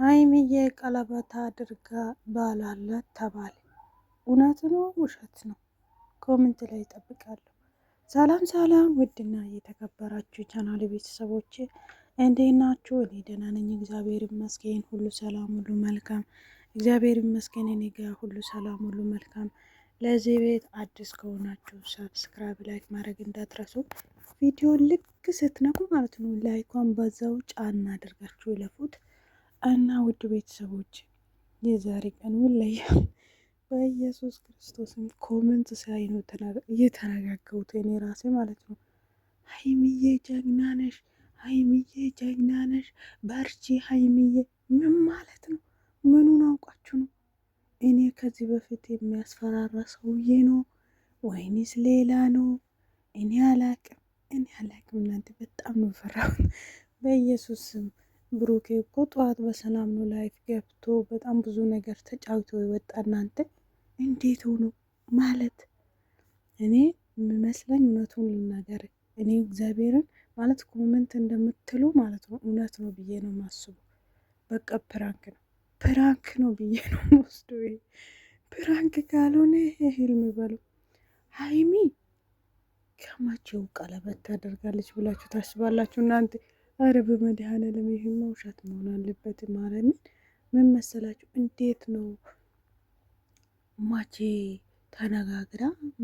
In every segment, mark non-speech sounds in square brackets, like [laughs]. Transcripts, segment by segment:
ሀይሚዬ ቀለበት አድርጋ ባላላት ተባለ። እውነት ነው ውሸት ነው? ኮሜንት ላይ ይጠብቃለሁ። ሰላም ሰላም፣ ውድና እየተከበራችሁ ቻናል ቤተሰቦች እንዴ ናችሁ? እኔ ደህና ነኝ፣ እግዚአብሔር ይመስገን። ሁሉ ሰላም፣ ሁሉ መልካም፣ እግዚአብሔር ይመስገን። እኔ ጋ ሁሉ ሰላም፣ ሁሉ መልካም። ለዚህ ቤት አዲስ ከሆናችሁ ሰብስክራይብ፣ ላይክ ማድረግ እንዳትረሱ። ቪዲዮ ልክ ስትነኩ ማለት ነው ላይኳን በዛው ጫና አድርጋችሁ ይለፉት እና ውድ ቤተሰቦች የዛሬ ቀን ወለየ [laughs] በኢየሱስ ክርስቶስም ኮመንት ሳይ ነው እየተነጋገሩት እኔ ራሴ ማለት ነው። ሀይሚዬ ጀግናነሽ፣ ሀይሚዬ ጀግናነሽ፣ በርቺ ሀይሚዬ። ምን ማለት ነው? ምኑን አውቃችሁ ነው? እኔ ከዚህ በፊት የሚያስፈራራ ሰውዬ ነው ወይንስ ሌላ ነው? እኔ አላቅም፣ እኔ አላቅም። እናንተ በጣም ነው ፈራሁት በኢየሱስ ስም ብሩኬ እኮ ጠዋት በሰላም ነው ላይፍ ገብቶ በጣም ብዙ ነገር ተጫውቶ የወጣ። እናንተ እንዴት ሆኖ ማለት እኔ የሚመስለኝ እውነቱን ልናገር እኔ እግዚአብሔርን ማለት ኮመንት እንደምትሉ ማለት ነው እውነት ነው ብዬ ነው ማስቡ። በቃ ፕራንክ ነው ፕራንክ ነው ብዬ ነው ወስዶ ፕራንክ ካልሆነ ህልም በሉ። ሀይሚ ከመቼው ቀለበት ታደርጋለች ብላችሁ ታስባላችሁ እናንተ? አረ በመድኃኔዓለም ይህማ ውሸት መሆን አለበት። ማርያምን ምን መሰላችሁ? እንዴት ነው ማቼ ተነጋግራ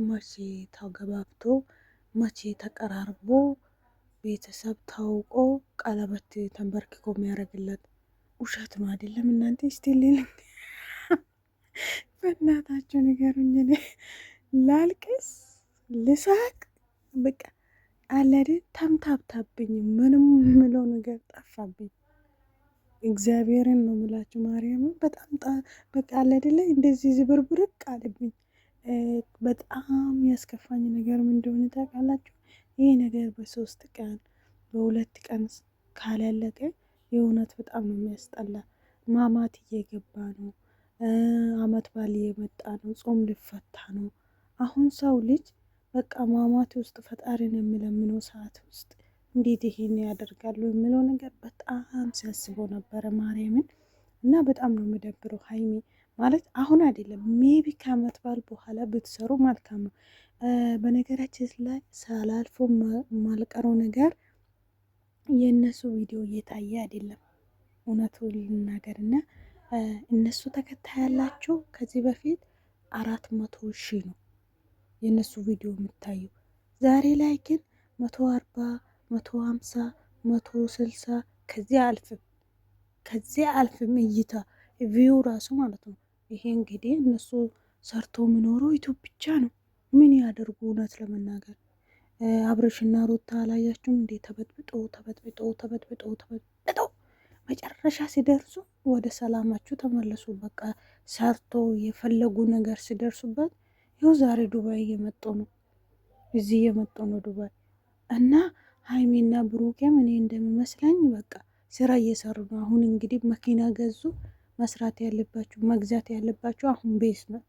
ማቼ ተገባብቶ ማቼ ተቀራርቦ ቤተሰብ ታውቆ ቀለበት ተንበርክኮ የሚያደርግለት ውሸት ነው አይደለም? እናንተ ስቲልል በእናታችሁ ንገሩኝ። ላልቅስ ልሳቅ፣ በቃ አለድ ተምታብታብኝ ምንም ምለው ነገር ጠፋብኝ። እግዚአብሔርን ነው ምላችሁ ማርያምን በጣም በቃ ላይ እንደዚህ ዝብርብርቅ አለብኝ። በጣም ያስከፋኝ ነገር ምን እንደሆነ ታውቃላችሁ? ይህ ነገር በሶስት ቀን በሁለት ቀን ካላለቀ የእውነት በጣም ነው የሚያስጠላ። ማማት እየገባ ነው። አመት ባል እየመጣ ነው። ጾም ልፈታ ነው። አሁን ሰው ልጅ በቃ ማማቴ ውስጥ ፈጣሪን የሚለምነው ሰዓት ውስጥ እንዴት ይሄን ያደርጋሉ የሚለው ነገር በጣም ሲያስበው ነበረ ማርያምን እና በጣም ነው የሚደብረው ሀይሚ ማለት አሁን አይደለም ሜቢ ከአመት በዓል በኋላ ብትሰሩ መልካም ነው። በነገራችን ላይ ሳላልፎ ማልቀረው ነገር የእነሱ ቪዲዮ እየታየ አይደለም እውነቱ ልናገር እና እነሱ ተከታይ ያላቸው ከዚህ በፊት አራት መቶ ሺህ ነው የእነሱ ቪዲዮ የምታዩ። ዛሬ ላይ ግን መቶ አርባ መቶ ሀምሳ መቶ ስልሳ ከዚያ አልፍም ከዚያ አልፍም እይታ ቪው ራሱ ማለት ነው። ይሄ እንግዲህ እነሱ ሰርቶ የሚኖረው ዩቱብ ብቻ ነው። ምን ያደርጉ? እውነት ለመናገር አብረሽና ሩታ አላያችሁም እንዴ? ተበጥብጦ ተበጥብጦ ተበጥብጦ ተበጥብጦ መጨረሻ ሲደርሱ ወደ ሰላማችሁ ተመለሱ። በቃ ሰርቶ የፈለጉ ነገር ሲደርሱበት ይኸው ዛሬ ዱባይ እየመጡ ነው፣ እዚህ እየመጡ ነው ዱባይ እና ሀይሜና ብሩኬም እኔ እንደሚመስለኝ በቃ ስራ እየሰሩ ነው። አሁን እንግዲህ መኪና ገዙ። መስራት ያለባችሁ መግዛት ያለባችሁ አሁን ቤት ነው።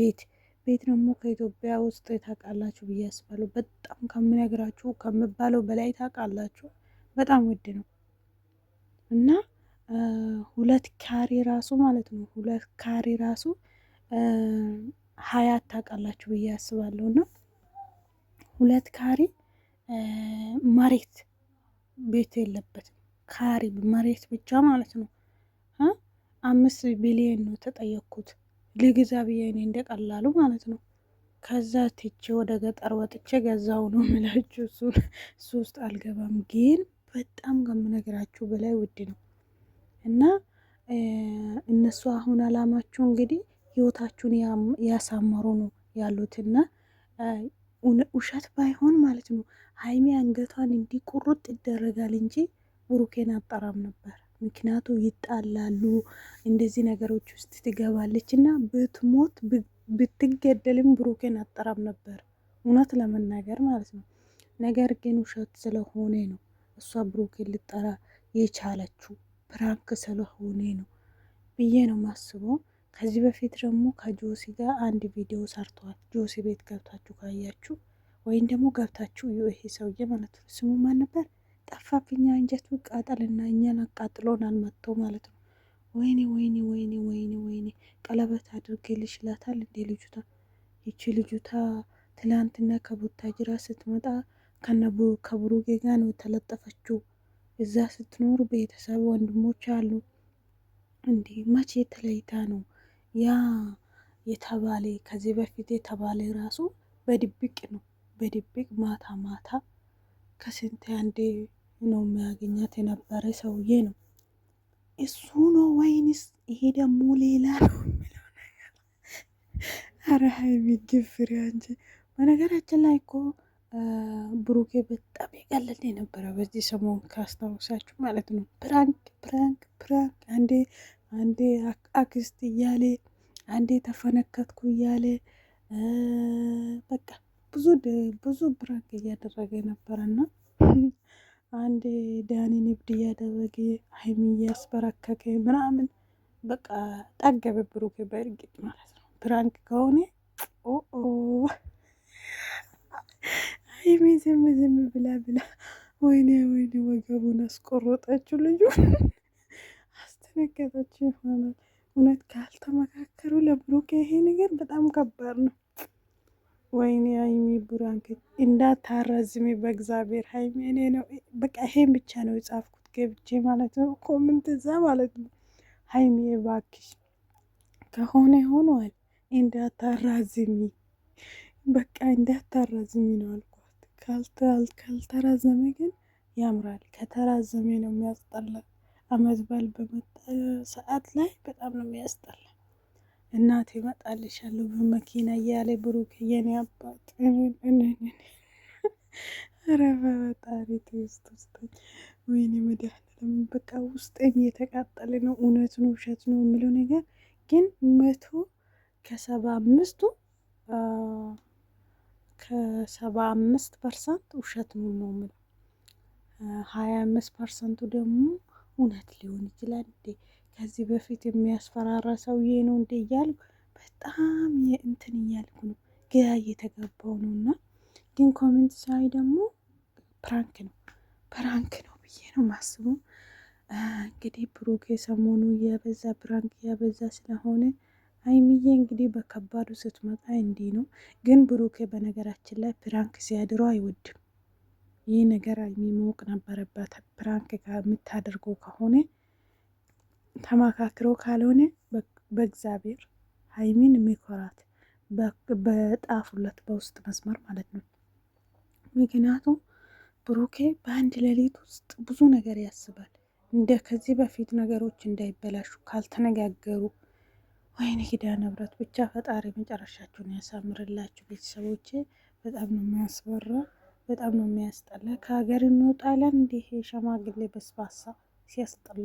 ቤት ቤት ደግሞ ከኢትዮጵያ ውስጥ ታውቃላችሁ ብዬ አስባለሁ። በጣም ከምነግራችሁ ከምባለው በላይ ታውቃላችሁ፣ በጣም ውድ ነው እና ሁለት ካሬ ራሱ ማለት ነው ሁለት ካሬ ራሱ ሀያት ታውቃላችሁ ብዬ አስባለሁ። እና ሁለት ካሬ መሬት ቤት የለበትም ካሬ መሬት ብቻ ማለት ነው። አምስት ቢሊዮን ነው ተጠየቅኩት ልግዛ ብዬ እኔ እንደቀላሉ ማለት ነው። ከዛ ትቼ ወደ ገጠር ወጥቼ ገዛው ነው ምላችሁ። እሱ ውስጥ አልገባም፣ ግን በጣም ከምነግራችሁ በላይ ውድ ነው እና እነሱ አሁን አላማችሁ እንግዲህ ህይወታችሁን ያሳመሩ ነው ያሉትና ውሸት ባይሆን ማለት ነው ሀይሜ አንገቷን እንዲቁርጥ ይደረጋል እንጂ ብሩኬን አጠራም ነበር። ምክንያቱ ይጣላሉ፣ እንደዚህ ነገሮች ውስጥ ትገባለች እና ብትሞት ብትገደልም ብሩኬን አጠራም ነበር እውነት ለመናገር ማለት ነው። ነገር ግን ውሸት ስለሆነ ነው እሷ ብሩኬን ልጠራ የቻለችው ፕራንክ ስለሆነ ነው ብዬ ነው ማስበው። ከዚህ በፊት ደግሞ ከጆሲ ጋር አንድ ቪዲዮ ሰርተዋል። ጆሲ ቤት ገብታችሁ ካያችሁ ወይም ደግሞ ገብታችሁ ይሄ ሰውዬ ማለት ነው ስሙ ማን ነበር? ጠፋብኛ እንጀት ቃጠልና እኛን አቃጥሎን አልመጥተው ማለት ነው። ወይኔ ወይኔ ወይኔ ወይኔ ወይኔ ቀለበት አድርጌ ልሽላታል እንዴ ልጁታ። ይቺ ልጁታ ትላንትና ከቡታጅራ ጅራ ስትመጣ ከቡሩጌ ጋር ነው የተለጠፈችው። እዛ ስትኖር ቤተሰብ ወንድሞች አሉ እንዴ መቼ ተለይታ ነው ያ የተባለ ከዚህ በፊት የተባለ ራሱ በድብቅ ነው። በድብቅ ማታ ማታ ከስንት አንዴ ነው የሚያገኛት የነበረ ሰውዬ ነው እሱ ነው ወይንስ ይሄ ደግሞ ሌላ ነው የሚለው ነገር ሀይሚ ግፍሪ አንቺ። በነገራችን ላይ እኮ ብሩኬ በጣም የቀለደ ነበረ በዚህ ሰሞን ካስታወሳችሁ ማለት ነው። ፕራንክ ፕራንክ ፕራንክ አንዴ አንዴ አክስት እያለ አንዴ ተፈነከትኩ እያለ በቃ ብዙ ብዙ ብራክ እያደረገ ነበረና [laughs] አንዴ ዳኒ ንብድ እያደረገ ሀይሚ እያስበረከከ ምናምን በቃ ጠገበ ብሩኬ በእርግጥ ማለት ነው። ብራንክ ከሆነ ኦኦ [laughs] ሀይሚ ዝም ዝም ብላ ብላ ወይኔ ወይኔ ወገቡን አስቆረጠችው ልጁ። ያስነገራቸው ይሆናል። እውነት ካልተመካከሩ ለብሩክ ይሄ ነገር በጣም ከባድ ነው። ወይኔ ሀይሚ ቡራንክ እንዳታራዝሚ በእግዚአብሔር ሀይሚ። እኔ ነው በቃ ይሄን ብቻ ነው የጻፍኩት ገብቼ ማለት ነው ኮምንት እዛ ማለት ነው። ሀይሚ እባክሽ ከሆነ ሆኗል፣ እንዳታራዝሚ በቃ እንዳታራዝሚ ነው አልኳት። ካልተራዘመ ግን ያምራል፣ ከተራዘመ ነው የሚያስጠላል። አመት በዓል በመጣ ሰዓት ላይ በጣም ነው የሚያስጠላ። እናቴ እመጣልሻለሁ በመኪና እያለ ብሩክ የኔ አባት ኧረ በፈጣሪ ትዕግስት ውስጠኝ ወይኔ መድኃኒዓለም በቃ ውስጠኝ እየተቃጠለ ነው። እውነት ነው ውሸት ነው የሚለው ነገር ግን መቶ ከሰባ አምስቱ ከሰባ አምስት ፐርሰንት ውሸት ነው ነው የሚለው ሀያ አምስት ፐርሰንቱ ደግሞ እውነት ሊሆን ይችላል እንዴ? ከዚህ በፊት የሚያስፈራራ ሰውዬ ነው እንዴ? እያልኩ በጣም እንትን እያልኩ ነው፣ ግራ እየተገባው ነው። እና ግን ኮሜንት ሳይ ደግሞ ፕራንክ ነው ፕራንክ ነው ብዬ ነው ማስቡ። እንግዲህ ብሩኬ ሰሞኑ እያበዛ ፕራንክ እያበዛ ስለሆነ ሀይሚዬ እንግዲህ በከባዱ ስትመጣ እንዲህ ነው። ግን ብሩኬ በነገራችን ላይ ፕራንክ ሲያድረው አይወድም። ይህ ነገር የሚሞቅ ነበረበት። ፕራንክ የምታደርገው ከሆነ ተመካክሮ ካልሆነ በእግዚአብሔር ሀይሚን የሚኮራት በጣፉለት በውስጥ መስመር ማለት ነው። ምክንያቱም ብሩኬ በአንድ ሌሊት ውስጥ ብዙ ነገር ያስባል። እንደ ከዚህ በፊት ነገሮች እንዳይበላሹ ካልተነጋገሩ ወይን ሂዳ ንብረት ብቻ ፈጣሪ መጨረሻችሁን ያሳምርላችሁ። ቤተሰቦቼ በጣም ነው የሚያስበራ በጣም ነው የሚያስጠላ። ከሀገር እንውጣለን። እንዲህ የሸማግሌ በስባሳ ሲያስጠላ